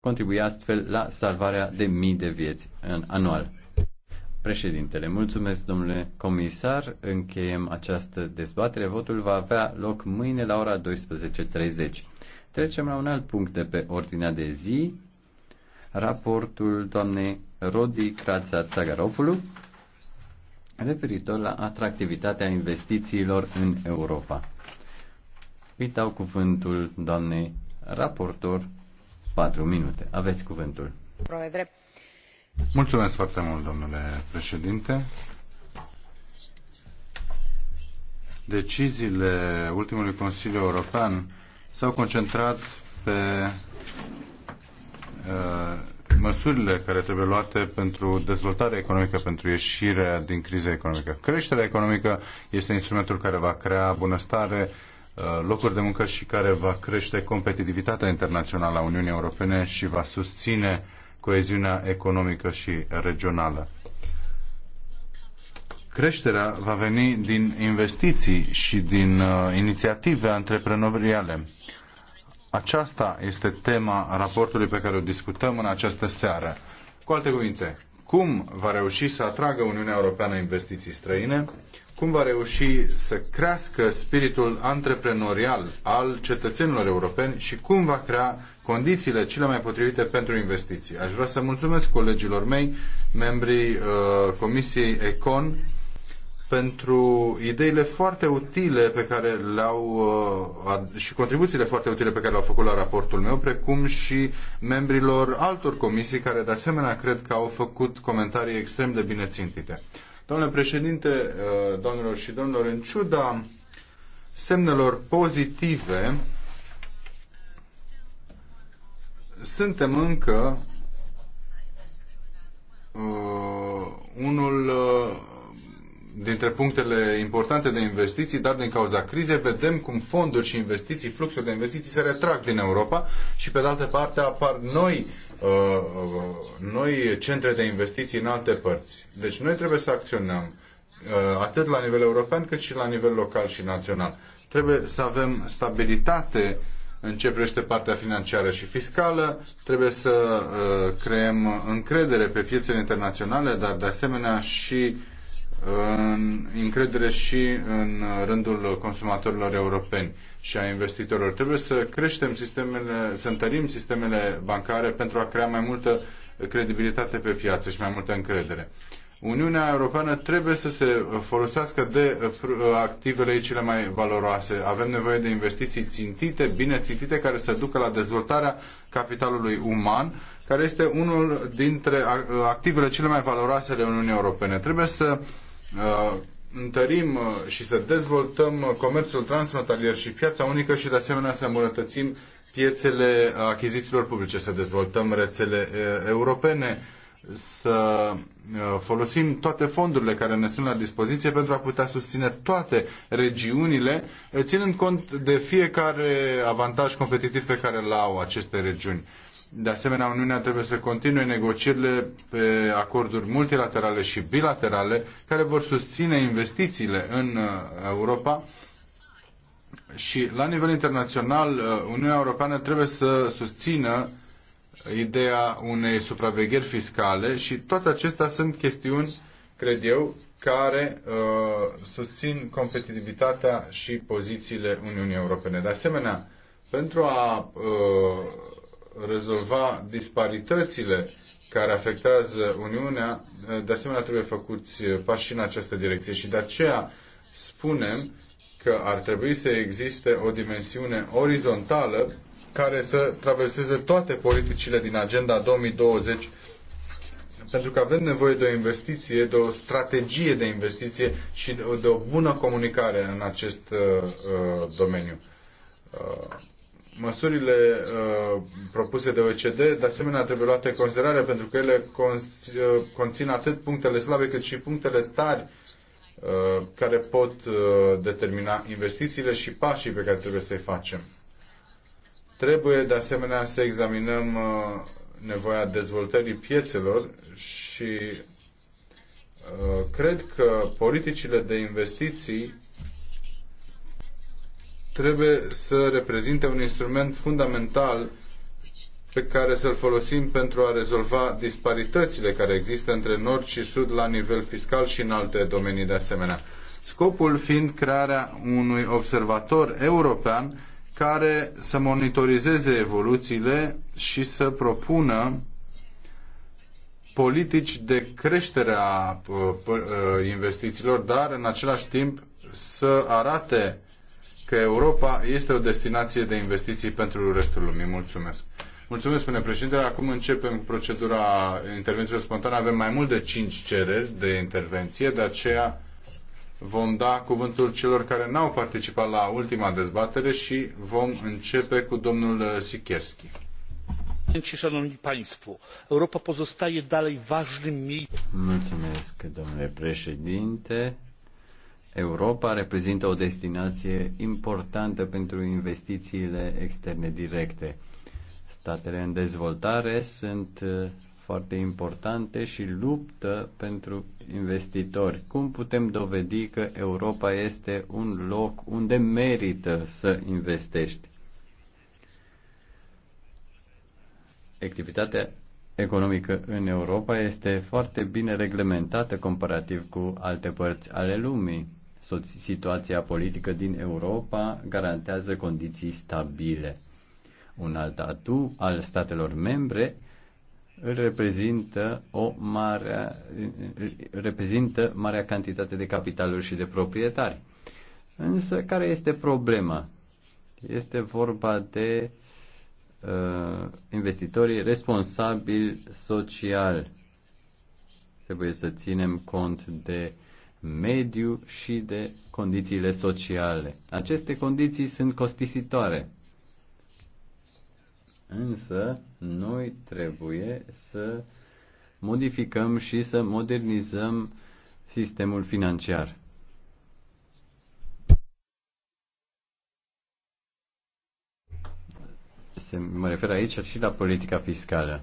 contribuie astfel la salvarea de mii de vieți în anual. Președintele, mulțumesc domnule comisar, încheiem această dezbatere. Votul va avea loc mâine la ora 12.30. Trecem la un alt punct de pe ordinea de zi, raportul doamnei Rodi Crața Tsagaropulu referitor la atractivitatea investițiilor în Europa. Îi dau cuvântul doamnei raportor 4 minute. Aveți cuvântul. Mulțumesc foarte mult, domnule președinte. Deciziile ultimului Consiliu European s-au concentrat pe uh, măsurile care trebuie luate pentru dezvoltarea economică, pentru ieșirea din criza economică. Creșterea economică este instrumentul care va crea bunăstare, uh, locuri de muncă și care va crește competitivitatea internațională a Uniunii Europene și va susține coeziunea economică și regională. Creșterea va veni din investiții și din uh, inițiative antreprenoriale. Aceasta este tema raportului pe care o discutăm în această seară. Cu alte cuvinte, cum va reuși să atragă Uniunea Europeană investiții străine, cum va reuși să crească spiritul antreprenorial al cetățenilor europeni și cum va crea condițiile cele mai potrivite pentru investiții. Aș vrea să mulțumesc colegilor mei, membrii uh, Comisiei ECON, pentru ideile foarte utile pe care le-au uh, și contribuțiile foarte utile pe care le-au făcut la raportul meu, precum și membrilor altor comisii care de asemenea cred că au făcut comentarii extrem de bine țintite. Domnule președinte, uh, domnilor și domnilor, în ciuda semnelor pozitive, suntem încă uh, unul uh, dintre punctele importante de investiții, dar din cauza crizei vedem cum fonduri și investiții, fluxuri de investiții se retrag din Europa și pe de altă parte apar noi, uh, uh, noi centre de investiții în alte părți. Deci noi trebuie să acționăm uh, atât la nivel european cât și la nivel local și național. Trebuie să avem stabilitate în ce privește partea financiară și fiscală, trebuie să creăm încredere pe piețele internaționale, dar de asemenea și în încredere și în rândul consumatorilor europeni și a investitorilor. Trebuie să creștem sistemele, să întărim sistemele bancare pentru a crea mai multă credibilitate pe piață și mai multă încredere. Uniunea Europeană trebuie să se folosească de uh, activele ei cele mai valoroase. Avem nevoie de investiții țintite, bine țintite, care să ducă la dezvoltarea capitalului uman, care este unul dintre uh, activele cele mai valoroase ale Uniunii Europene. Trebuie să uh, Uh, întărim uh, și să dezvoltăm uh, comerțul transfrontalier și piața unică și de asemenea să îmbunătățim piețele achizițiilor publice, să dezvoltăm rețele europene, să folosim toate fondurile care ne sunt la dispoziție pentru a putea susține toate regiunile, ținând cont de fiecare avantaj competitiv pe care îl au aceste regiuni. De asemenea, Uniunea trebuie să continue negocierile pe acorduri multilaterale și bilaterale care vor susține investițiile în uh, Europa și la nivel internațional uh, Uniunea Europeană trebuie să susțină ideea unei supravegheri fiscale și toate acestea sunt chestiuni, cred eu, care uh, susțin competitivitatea și pozițiile Uniunii Europene. De asemenea, pentru a uh, rezolva disparitățile care afectează Uniunea, de asemenea trebuie făcuți pași în această direcție și de aceea spunem că ar trebui să existe o dimensiune orizontală care să traverseze toate politicile din Agenda 2020 pentru că avem nevoie de o investiție, de o strategie de investiție și de o bună comunicare în acest uh, uh domeniu. Uh, Măsurile uh, propuse de OECD, de asemenea, trebuie luate în considerare pentru că ele uh, conțin atât punctele slabe cât și punctele tari uh, care pot uh, determina investițiile și pașii pe care trebuie să-i facem. Trebuie, de asemenea, să examinăm uh, nevoia dezvoltării piețelor și uh, cred că politicile de investiții trebuie să reprezinte un instrument fundamental pe care să-l folosim pentru a rezolva disparitățile care există între nord și sud la nivel fiscal și în alte domenii de asemenea. Scopul fiind crearea unui observator european care să monitorizeze evoluțiile și să propună politici de creștere a uh, investițiilor, dar în același timp să arate că Europa este o destinație de investiții pentru restul lumii. Mulțumesc! Mulțumesc, spune președintele. Acum începem cu procedura intervențiilor spontane. Avem mai mult de 5 cereri de intervenție, de aceea vom da cuvântul celor care n-au participat la ultima dezbatere și vom începe cu domnul Sikierski. Europa pozostaje dalej ważnym miejscem. Mulțumesc, domnule președinte. Europa reprezintă o destinație importantă pentru investițiile externe directe. Statele în dezvoltare sunt uh, foarte importante și luptă pentru investitori. Cum putem dovedi că Europa este un loc unde merită să investești? Activitatea economică în Europa este foarte bine reglementată comparativ cu alte părți ale lumii situația politică din Europa garantează condiții stabile. Un alt atu al statelor membre îl reprezintă o mare, reprezintă marea cantitate de capitaluri și de proprietari. Însă, care este problema? Este vorba de uh, investitorii responsabili social. Trebuie să ținem cont de uh, mediu și de condițiile sociale. Aceste condiții sunt costisitoare. Însă, noi trebuie să modificăm și să modernizăm sistemul financiar. Se, mă refer aici și la politica fiscală.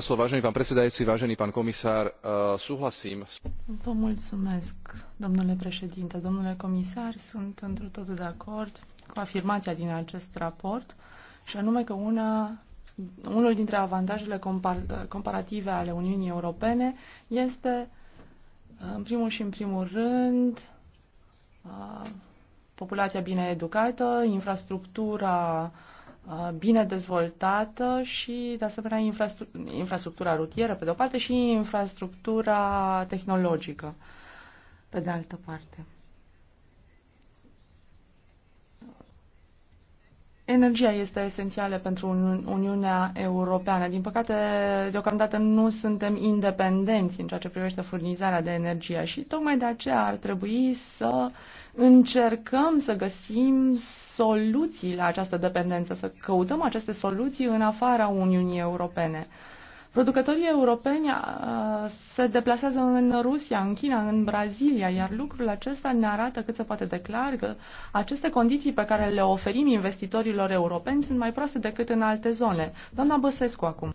súhlasím Vă mulțumesc, domnule președinte, domnule comisar. Sunt într totul de acord cu afirmația din acest raport, și anume că una, unul dintre avantajele comparative ale Uniunii Europene este, în primul și în primul rând, populația bine educată, infrastructura Uh, bine dezvoltată și, de asemenea, infrastru infrastructura rutieră, pe de-o parte, și infrastructura tehnologică, pe de altă parte. Energia este esențială pentru Uniunea Europeană. Din păcate, deocamdată nu suntem independenți în ceea ce privește furnizarea de energie și tocmai de aceea ar trebui să uh, încercăm să găsim soluții la această dependență, să căutăm aceste soluții în afara Uniunii Europene. Producătorii europeni se deplasează în Rusia, în China, în Brazilia, iar lucrul acesta ne arată cât se poate declar că aceste condiții pe care le oferim investitorilor europeni sunt mai proaste decât în alte zone. Doamna Băsescu acum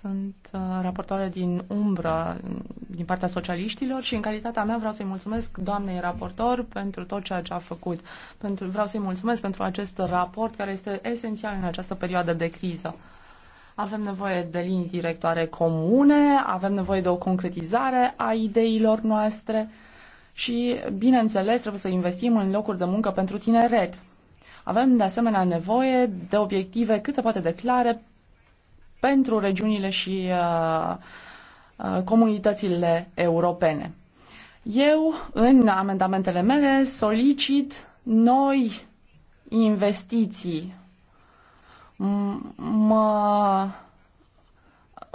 Sunt uh, raportoare din umbră din partea socialiștilor și în calitatea mea vreau să-i mulțumesc doamnei raportor pentru tot ceea ce a făcut. Pentru, vreau să-i mulțumesc pentru acest raport care este esențial în această perioadă de criză. Avem nevoie de linii directoare comune, avem nevoie de o concretizare a ideilor noastre și, bineînțeles, trebuie să investim în locuri de muncă pentru tineret. Avem, de asemenea, nevoie de obiective cât se poate de clare pentru regiunile și uh, uh, comunitățile europene. Eu, în amendamentele mele, solicit noi investiții. M- mă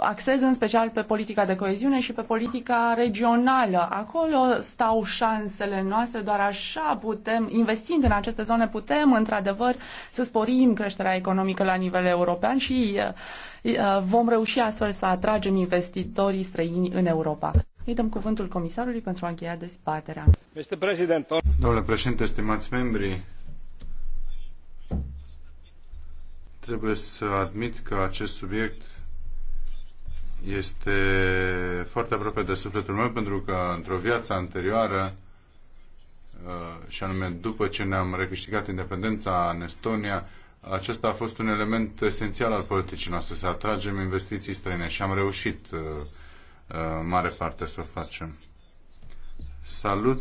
axez în special pe politica de coeziune și pe politica regională. Acolo stau șansele noastre, doar așa putem, investind în aceste zone, putem într-adevăr să sporim creșterea economică la nivel european și eh, eh, vom reuși astfel să atragem investitorii străini în Europa. Îi dăm cuvântul comisarului pentru a încheia dezbaterea. Domnule președinte, stimați membri, trebuie să admit că acest subiect este foarte aproape de sufletul meu pentru că într-o viață anterioară uh, și anume după ce ne-am recâștigat independența în Estonia, acesta a fost un element esențial al politicii noastre, să atragem investiții străine și am reușit uh, uh, mare parte să o facem. Salut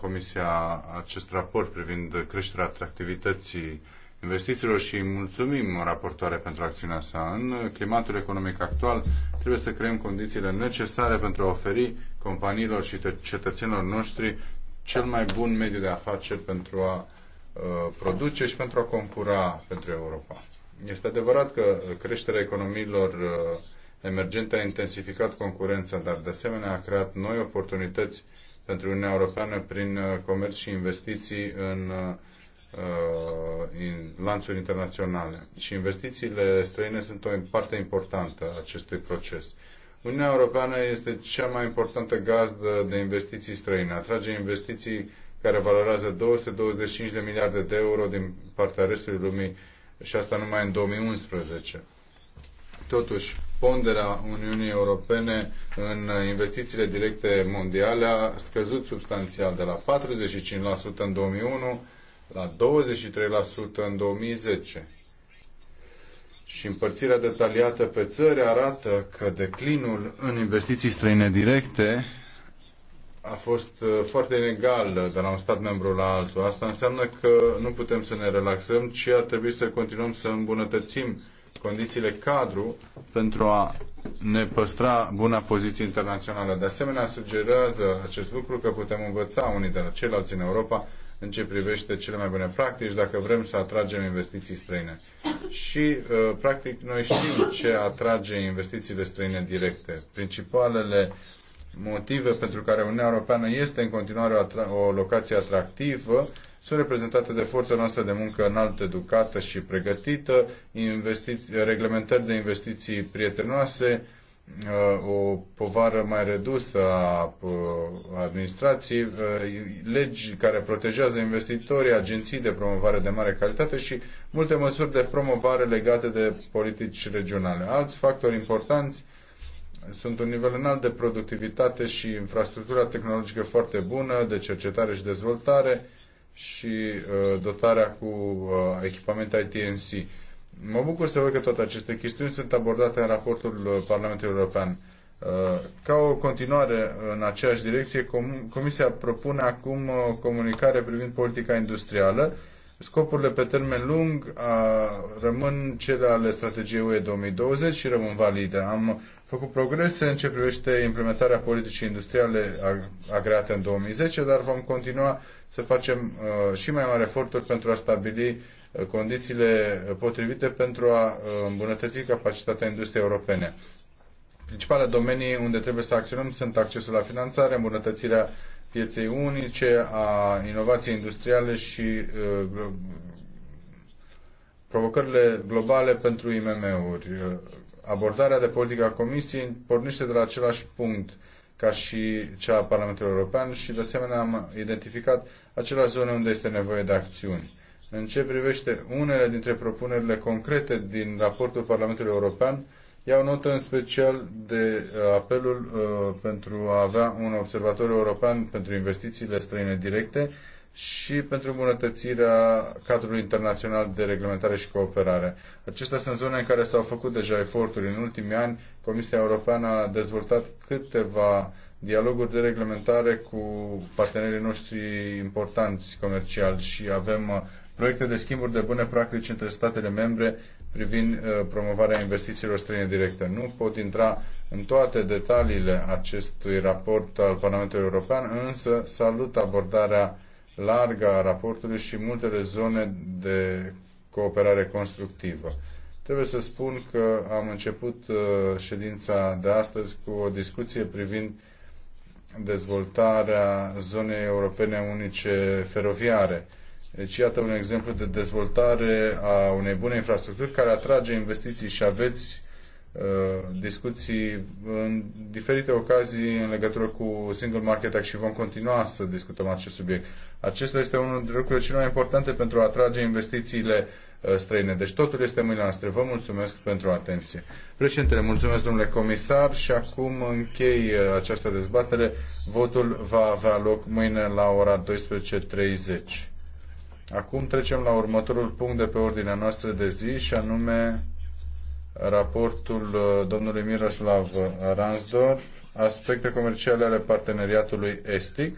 Comisia acest raport privind creșterea atractivității investițiilor și mulțumim raportoare pentru acțiunea sa. În climatul economic actual trebuie să creăm condițiile necesare pentru a oferi companiilor și cetățenilor noștri cel mai bun mediu de afaceri pentru a uh, produce și pentru a concura pentru Europa. Este adevărat că creșterea economiilor uh, emergente a intensificat concurența, dar de asemenea a creat noi oportunități pentru Uniunea Europeană prin uh, comerț și investiții în în uh, lanțuri internaționale. Și investițiile străine sunt o parte importantă a acestui proces. Uniunea Europeană este cea mai importantă gazdă de investiții străine. Atrage investiții care valorează 225 de miliarde de euro din partea restului lumii și asta numai în 2011. Totuși, ponderea Uniunii Europene în investițiile directe mondiale a scăzut substanțial de la 45% în 2001 la 23% în 2010. Și împărțirea detaliată pe țări arată că declinul în investiții străine directe a fost uh, foarte inegal de la un stat membru la altul. Asta înseamnă că nu putem să ne relaxăm, ci ar trebui să continuăm să îmbunătățim condițiile cadru pentru a ne păstra buna poziție internațională. De asemenea, sugerează acest lucru că putem învăța unii de la ceilalți în Europa în ce privește cele mai bune practici, dacă vrem să atragem investiții străine. Și, uh, practic, noi știm ce atrage investițiile străine directe. Principalele motive pentru care Uniunea Europeană este în continuare o, o locație atractivă sunt reprezentate de forța noastră de muncă înalt educată și pregătită, reglementări de investiții prietenoase, Uh, o povară mai redusă a uh, administrației, uh, legi care protejează investitorii, agenții de promovare de mare calitate și multe măsuri de promovare legate de politici regionale. Alți factori importanți sunt un nivel înalt de productivitate și infrastructura tehnologică foarte bună, de cercetare și dezvoltare și dotarea cu echipamente ITNC. Mă bucur să văd că toate aceste chestiuni sunt abordate în raportul uh, Parlamentului European. Uh, ca o continuare în aceeași direcție, Comisia propune acum o uh, comunicare privind politica industrială Scopurile pe termen lung a, rămân cele ale strategiei UE 2020 și rămân valide. Am făcut progrese în ce privește implementarea politicii industriale agreate în 2010, dar vom continua să facem uh, și mai mari eforturi pentru a stabili condițiile potrivite pentru a îmbunătăți capacitatea industriei europene. Principalele domenii unde trebuie să acționăm sunt accesul la finanțare, îmbunătățirea pieței unice, a inovației industriale și uh, provocările globale pentru IMM-uri. Abordarea de politică a Comisiei pornește de la același punct ca și cea a Parlamentului European și de asemenea am identificat aceleași zone unde este nevoie de acțiuni. În ce privește unele dintre propunerile concrete din raportul Parlamentului European, Iau notă în special de uh, apelul uh, pentru a avea un observator european pentru investițiile străine directe și pentru îmbunătățirea cadrului internațional de reglementare și cooperare. Acestea sunt zone în care s-au făcut deja eforturi. În ultimii ani, Comisia Europeană a dezvoltat câteva dialoguri de reglementare cu partenerii noștri importanți comerciali și avem uh, proiecte de schimburi de bune practici între statele membre privind uh, promovarea investițiilor străine directe. Nu pot intra în toate detaliile acestui raport al Parlamentului European, însă salut abordarea largă a raportului și multele zone de cooperare constructivă. Trebuie să spun că am început uh, ședința de astăzi cu o discuție privind dezvoltarea zonei europene unice feroviare. Deci iată un exemplu de dezvoltare a unei bune infrastructuri care atrage investiții și aveți uh, discuții în diferite ocazii în legătură cu Single Market Act și vom continua să discutăm acest subiect. Acesta este unul dintre lucrurile cele mai importante pentru a atrage investițiile uh, străine. Deci totul este în mâinile noastre. Vă mulțumesc pentru atenție. Președintele, mulțumesc domnule comisar și acum închei uh, această dezbatere. Votul va avea loc mâine la ora 12.30. Acum trecem la următorul punct de pe ordinea noastră de zi și anume raportul uh, domnului Miroslav Ransdorf, aspecte comerciale ale parteneriatului estic.